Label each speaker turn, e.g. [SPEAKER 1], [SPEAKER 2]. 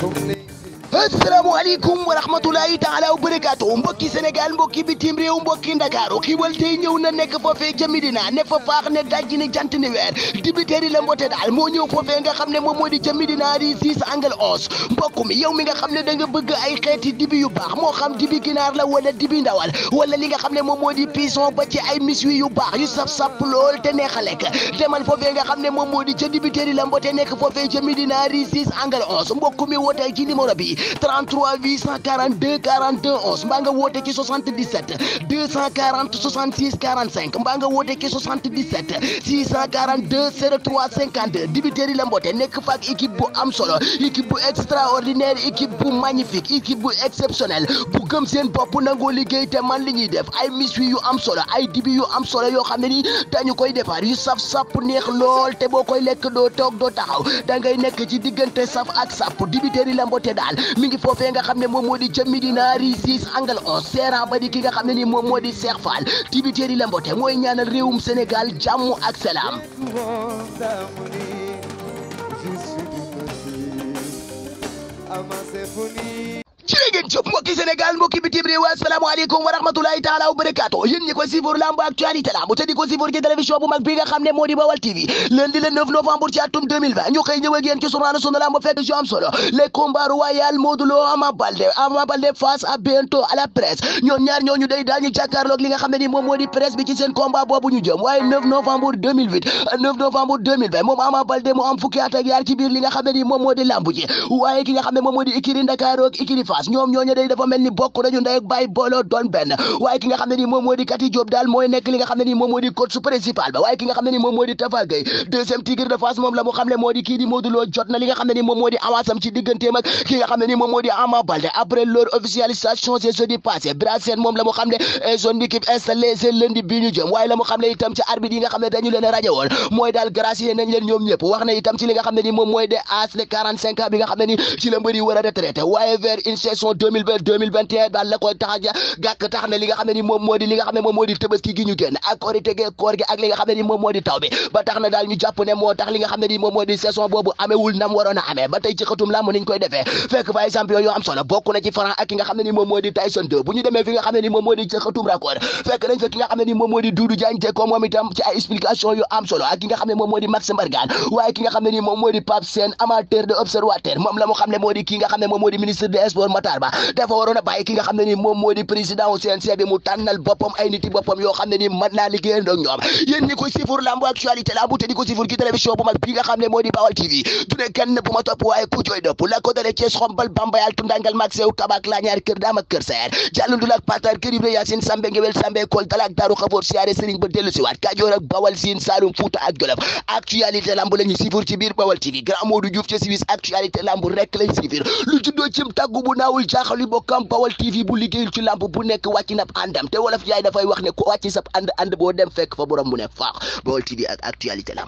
[SPEAKER 1] comme aleykum wa rahmatulahi taala wa barakaatu mbokki Sénégal mbokki bitim réew mbokki Ndakaaru xiwal tey ñëw na nekk foofee ca Midina ne fa faax ne dajji ne jant ni weer dibiteeri la mbote daal moo ñëw foofee nga xam ne moom moo di ca Midina di 6 angle 11 mbokk mi yow mi nga xam ne da nga bëgg ay xeeti dibi yu baax moo xam dibi ginaar la wala dibi ndawal wala li nga xam ne moom moo di poisson ba ci ay miswi yu baax yu sap-sap lool te neex a lekk demal nga xam ne moom moo di ca la mbote nekk foofee ca Midina di 6 angle 11 mbokk mi wootee ci numéro bi 33 842 42 11 mbaa nga woote ci 77 240 66 45 mbaa nga woote ci 77 642 03 52 dibiteer yi la mboote nekk faak équipe bu am solo équipe bu extraordinaire équipe bu magnifique équipe bu exceptionnelle bu gëm seen bopp nangoo liggéey te man li ñuy def ay miswi yu am solo ay dibi yu am solo yoo xam ne ni dañu koy defar yu saf sàpp neex lool te boo koy lekk doo toog doo taxaw da ngay nekk ci diggante saf ak sàpp dibiteer yi la mboote daal mi ngi foofee nga xam ne moom moo di ca Médina rue six angle onze seeran ba di ki nga xam ne ni moom moo di Cheikh Fall tibiteer yi la mbote mooy ñaanal réewum Sénégal jàmm ak salaam jërëgéen jëf mbokki Sénégal mbokki bitim wa am solo les combats royal Modou Lo Ama ñaar ñooñu day daañu jàkkaarloog li nga xam ni moom moo di bi ci seen combat boobu ñu jëm waaye 9 moom Ama Baldé mu am fukki at yaar ci li nga xam ni moom moo lamb ji waaye ki nga xam moom moo ikiri Ndakaaru ak ikiri Fass ñoom ñooñu day dafa mel ni bokk nañu ndey ak baay booloo doon waaye ki nga xam ne nii moom moo di Kati Diop daal mooy nekk li nga xam ne nii moom moo di coach principal ba waaye ki li nga xam ne nii ci la mu xam de as waaye vers une élection moom moo di li moom moo di gi ñu génn ak korite gi koor gi ak li nga ni moom moo di ba tax na daal ñu jàpp moom moo di boobu amewul nam waroon a ba tey ci xatum làmb niñ koy defee fekk fa exemple yoo am solo bokk ci Franc ak ki nga ni moom moo di bu ñu demee fi nga xam ni moom moo ci xatum record fekk nañ fa ki nga ni moom moo di Doudou Diagne moom itam ci ay explication yu am solo ak ki nga Dakar ba dafa waroon a ki nga xam ne ni moom moo di président wu bi mu tànnal boppam ay niti boppam yoo xam ne ni mën naa liggéeyandoo ak ñoom yéen ñi koy sifur lambu actualité lambu te di ko sifur ci télévision bu mag bi nga xam ne moo di Bawal TV du ne bu ma topp waaye ku jooy dëpp la ko dale Thiès xombal bambayal tundangal mag sew kabak la ñaar kër daam ak kër saer jàllundul patar kër Ibra Yaasin sambe ngewel sambe kol dalak daaru xaboor muy boo bokkam Bawal TV bu liggéeyul ci làmb bu nekk wàcc nab àndam te wolof yaay dafay wax ne ku wàcc sab ànd ànd boo dem fekk fa borom bu ne faax Bawal TV ak actualité la